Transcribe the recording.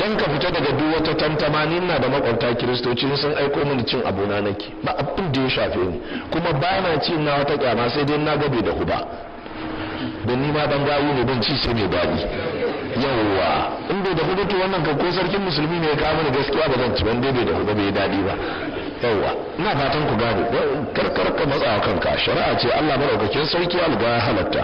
don ka fita daga duk wata tantamanin na da makwabta kiristoci sun aiko mini cin abuna nake ba abin da ya shafe ni kuma ba na ci na wata kyama sai dai na gabe da huda Da ni ma ban gayu ne ban ci sai mai daɗi yawwa in bai da hudu to wannan kan ko sarkin musulmi ne ya kawo mini gaskiya ba zan ci ban dai bai da hudu bai daɗi ba yawwa ina fatan ku gane karkar ka matsa kanka shari'a ce Allah maraukakin sarki alga halatta